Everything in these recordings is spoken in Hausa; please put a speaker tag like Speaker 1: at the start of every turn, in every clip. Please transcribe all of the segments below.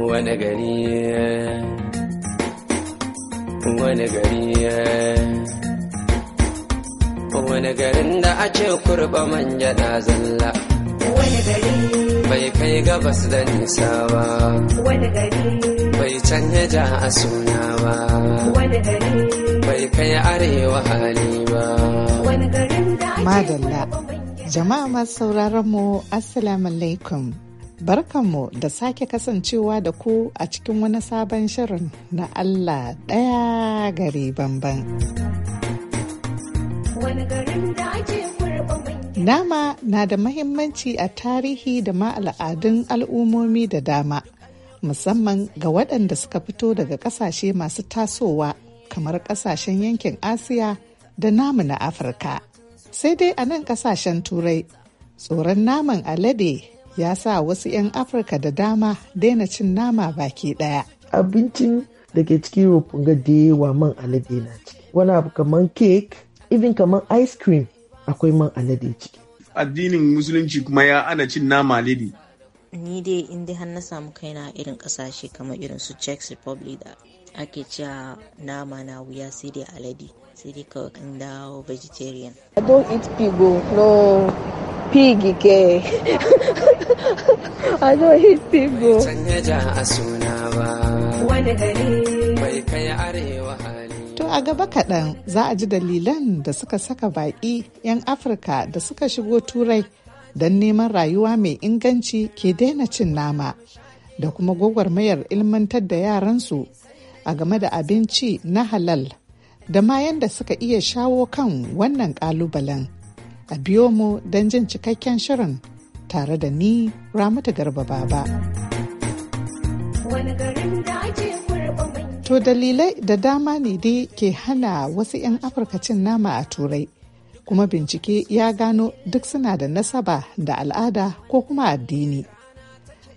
Speaker 1: wani gari wani gari wani garin da a ce kurba manja na zalla wani gari bai kai gabas da nisa ba wani gari bai canja ja a suna ba
Speaker 2: wani gari
Speaker 1: bai kai arewa hali ba
Speaker 3: wani garin da madalla jama'a masu sauraron mu assalamu alaikum Barkanmu da sake kasancewa da ku a cikin wani sabon shirin na Allah ɗaya gari bamban. Nama na da mahimmanci a tarihi da ma al'adun al'ummomi da dama, musamman ga waɗanda suka fito daga ƙasashe masu tasowa kamar ƙasashen yankin Asiya da namu na Afirka. Sai dai a nan ƙasashen Turai, tsoron naman alade ya sa wasu 'yan afirka da dama daina cin nama baki daya
Speaker 1: abincin da ke cikin rufin ga da yawa man alade na ciki wani abu kamar cake even kamar ice cream akwai man alade ciki
Speaker 4: addinin musulunci kuma ya ana cin nama alade
Speaker 2: ni dai inda dai har na samu kaina irin kasashe kamar irin su czech republic da ake cewa nama na wuya sai dai alade sai dai kawai kan dawo vegetarian
Speaker 1: i don't eat pig oh. no pig ke I To
Speaker 3: a gaba kaɗan za a ji dalilan da suka saka baƙi 'yan Afirka da suka shigo Turai don neman rayuwa mai inganci ke daina cin nama da kuma gwagwarmayar ilmantar da yaransu a game da abinci na halal da ma yadda suka iya shawo kan wannan ƙalubalen. A biyo mu don jin cikakken shirin. tare da ni Ramata Garba Baba. To dalilai da dama ne dai ke hana wasu 'yan Afirka cin nama a Turai. Kuma bincike ya gano duk suna da nasaba da al'ada ko kuma addini.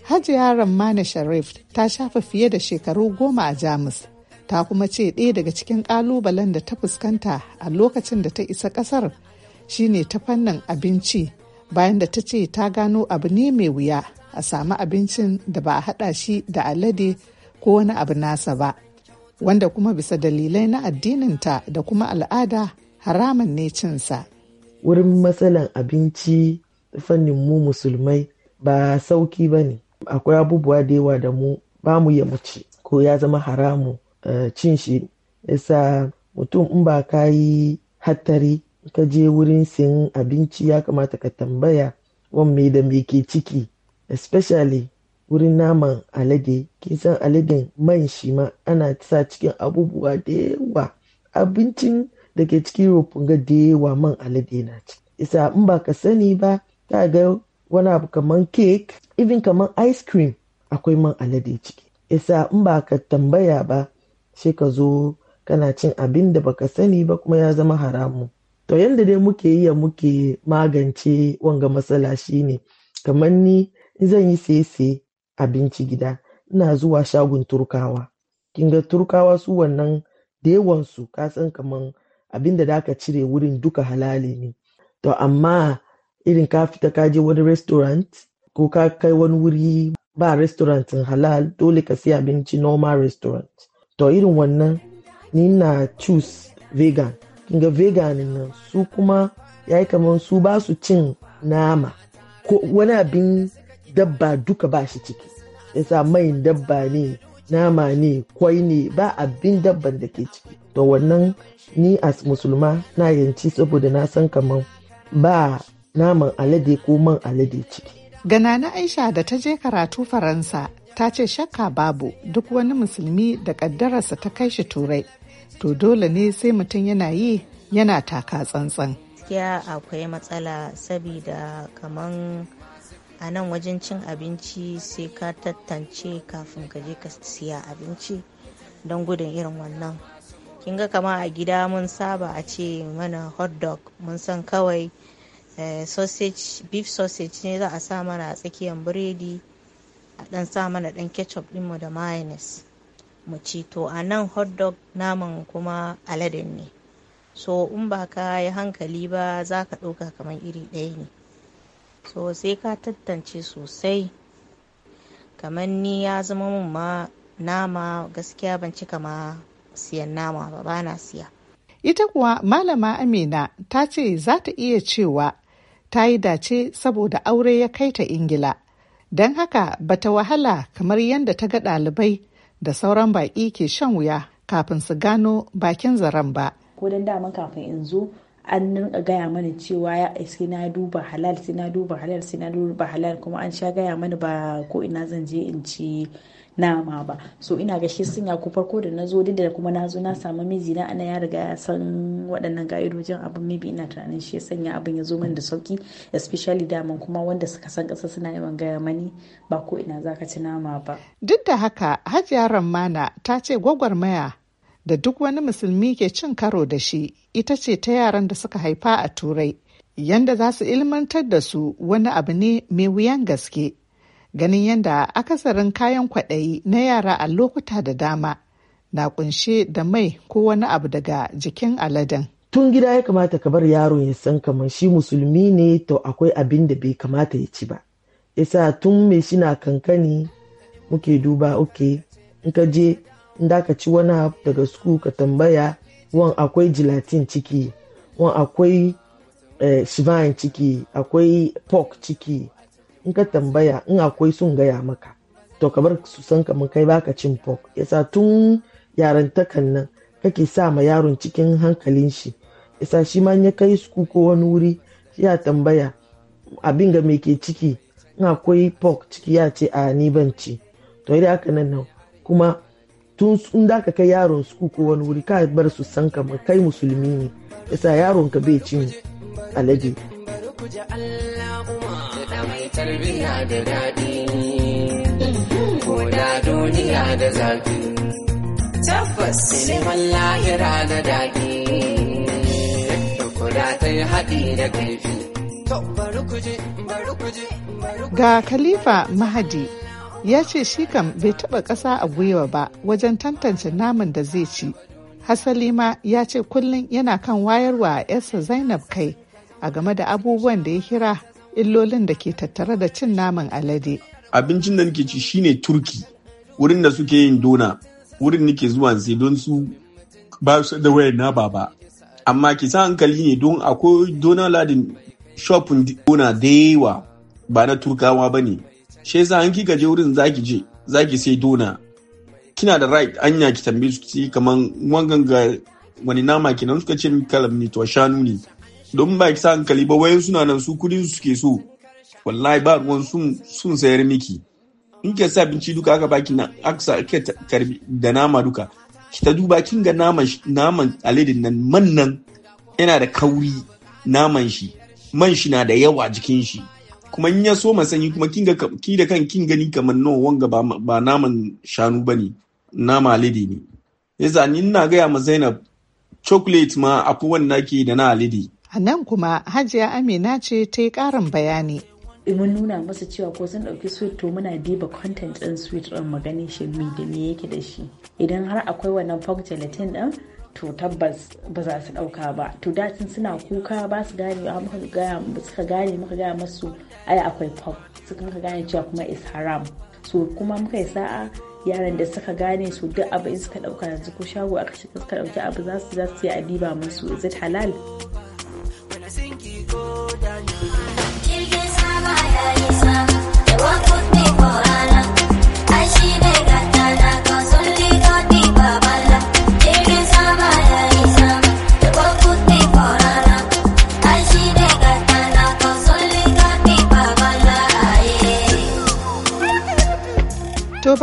Speaker 3: Hajiya Rammana Sharif ta shafa fiye da shekaru goma a Jamus. Ta kuma ce ɗaya daga cikin ƙalubalen da ta fuskanta a lokacin da ta isa ƙasar shine ta fannin abinci bayan da ta ce ta gano abu ne mai wuya a samu abincin da ba a haɗa shi da alade ko wani abu nasa ba wanda kuma bisa dalilai na addininta da kuma al'ada haraman ne cinsa.
Speaker 1: Wurin matsalan abinci fannin mu musulmai ba sauki ba ne. Akwai abubuwa da yawa da mu ba mu ya muci ko ya zama haramu eh, cin shi. Yasa mutum in ba ka yi hattari ka je wurin sin abinci ya kamata ka tambaya wan mai da mai ke ciki especially wurin naman alade kin san aladen man shi ma ana sa cikin abubuwa da yawa abincin da ke cikin rufin ga da yawa man alade na ci isa in ba ka sani ba ta ga wani abu kaman cake even kaman ice cream akwai man alade ciki isa in ba ka tambaya ba sai ka zo kana cin abin da baka sani ba kuma ya zama haramun. to yadda dai muke yi muke magance wanga matsala shine kamar ni zan yi sese abinci gida ina zuwa shagon turkawa kinga turkawa su wannan da yawansu kasan kamar abin da aka cire wurin duka halali ne to amma irin ka fita ka je wani restaurant ko ka kai wani wuri ba restaurant halal dole ka siya abinci normal restaurant to irin wannan ni na choose vegan ga veganin nan su kuma ya yi kamar su ba su cin nama ko wani abin dabba duka ba shi ciki yasa mai dabba ne nama ne kwai ne ba abin dabban da ke ciki to wannan ni as musulma na yanci saboda na san kamar ba naman alade ko man alade ciki
Speaker 3: gana na aisha da ta je karatu faransa ta ce shakka babu duk wani musulmi da kaddararsa ta kai shi turai to dole ne sai mutum yana yi yana taka tsantsan.
Speaker 2: gaskiya akwai matsala sabida kaman a nan wajen cin abinci sai ka tattance kafin ka je ka siya abinci don gudun irin wannan kin ga kama a gida mun saba a ce mana hot dog mun san kawai eh, sausage beef sausage ne za a sa mana a tsakiyar biredi a dan sa mana dan ketchup dinmu da mayonnaise mu ci to a nan hot naman kuma aladen ne so in ba ka yi hankali ba za ka ɗauka kamar iri ɗaya ne so sai ka tantance sosai kamar ni ya zama mun ma nama gaskiya ban cika ma siyan nama ba ba na siya
Speaker 3: ita kuwa malama amina ta ce za ta iya cewa ta yi dace saboda aure ya kai ta ingila don haka bata wahala kamar yadda ta ga ɗalibai da sauran baƙi ke shan wuya kafin su gano bakin zaren ba.
Speaker 2: Ko dan daman kafin in zo an rinka gaya mana cewa ya sai na duba halal sai na duba halal sai na duba halal kuma an sha gaya mana ba ko ina zan je in ci nama ba so ina ga shi sun ku farko da na zo da kuma na zo na samu miji na ana ya riga ya san waɗannan ga'idojin abin maybe ina tunanin shi ya sanya abin ya zo min da sauki especially daman kuma wanda suka san ƙasa suna yawan gaya mani ba ko ina zaka ci nama ba duk da haka hajiya
Speaker 3: rammana ta ce gwagwarmaya da duk wani musulmi ke cin karo da shi ita ce ta yaran da suka haifa a turai yanda za su ilmantar da su wani abu ne mai wuyan gaske ganin yadda akasarin kayan kwaɗayi na yara a lokuta da dama na kunshe da mai ko wani abu daga jikin aladen.
Speaker 1: Tun gida ya kamata ka bar yaro ya san kamar shi musulmi ne to akwai abin da bai kamata ya ci ba. Yasa tun mai shi na kankani muke duba oke in ka je in daka ci wani abu daga suku ka tambaya wan akwai jilatin ciki wan akwai eh, ciki akwai pork ciki in ka tambaya in akwai sun gaya maka to ka bar su san kamar kai baka cin pork yasa tun yarantakan nan kake sa ma yaron cikin hankalin shi yasa shi ma ya kai su ko wani wuri ya tambaya abin ga me ke ciki in akwai pork ciki ya ce a ni ban ci to idan haka nan nan kuma tun sun da ka kai yaron su ko wani wuri ka bar su san kamar kai musulmi ne yasa yaron ka bai cin alade
Speaker 4: Allah
Speaker 1: Tarbiyya da daɗi ko da duniya da zafi
Speaker 2: tabbas neman lahira da daɗi
Speaker 4: kuda ta yi haɗi
Speaker 2: da kaifi
Speaker 3: ga khalifa mahadi ya ce shi kam bai taɓa ƙasa a gwiwa ba wajen tantance naman da zai ci hasali ma ya ce kullum yana kan wayarwa a yarsa zainab kai a game da abubuwan da ya kira illolin da ke tattare da cin naman alade.
Speaker 4: Abincin da nake ci shine turki, wurin da suke yin dona, wurin nake zuwa sai don su ba su da wayar na baba. Amma ki sa hankali ne don akwai dona ladin shopin dona da yawa ba na turkawa ba ne. Shi sa an ka je wurin zaki je, zaki sai dona. Kina da right anya ki tambaye su kaman wangan ga wani nama kenan suka ce kalam ne to shanu ne. don ba ki sa hankali ba wayan suna nan su kudin su suke so wallahi ba ruwan sun sun sayar miki in ke sa abinci duka aka baki na aksa ake karbi da nama duka ki ta duba kin ga naman naman aledin nan man nan yana da kauri naman shi man shi na da yawa jikin shi kuma in ya so sanyi kuma kin ga ki da kan kin gani kamar no wanga ba, naman shanu bane nama alidi ne yasa ni ina gaya ma Zainab chocolate ma akwai wanda ke da na alidi
Speaker 3: A nan kuma Hajiya Amina ce ta yi karin bayani. Eh, mun nuna
Speaker 2: masa cewa ko sun ɗauki sweet to muna diba content ɗin sweet ɗin mu gani shi me da me yake da shi idan har akwai wannan fog gelatin ɗin to tabbas ba za su ɗauka ba to datin suna kuka ba su gane muka gaya suka gane muka gaya masu ai akwai fog suka muka gane cewa kuma is haram so kuma muka yi sa'a yaran da suka gane su duk abu in suka ɗauka yanzu ko shago aka shiga suka ɗauki abu za su za su yi a diba musu is halal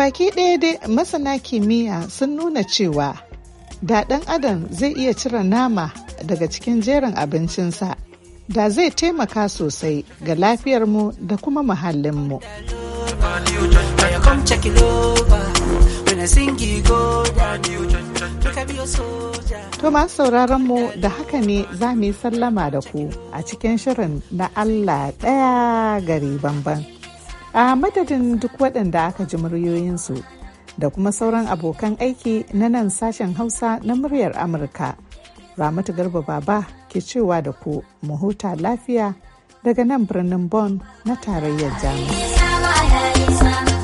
Speaker 3: baki ɗaya dai masana kimiyya sun nuna cewa da ɗan adam zai iya cire nama daga cikin jerin abincinsa da zai taimaka sosai ga lafiyarmu da kuma muhallinmu. To masu sauraron mu da haka ne za mu yi sallama da ku a cikin shirin na Allah ɗaya gari bamban. a madadin duk waɗanda aka ji muryoyinsu da kuma sauran abokan aiki na nan sashen hausa na muryar amurka ramatu garba baba ke cewa da ku mu huta lafiya daga nan birnin Bon na tarayyar
Speaker 1: jamus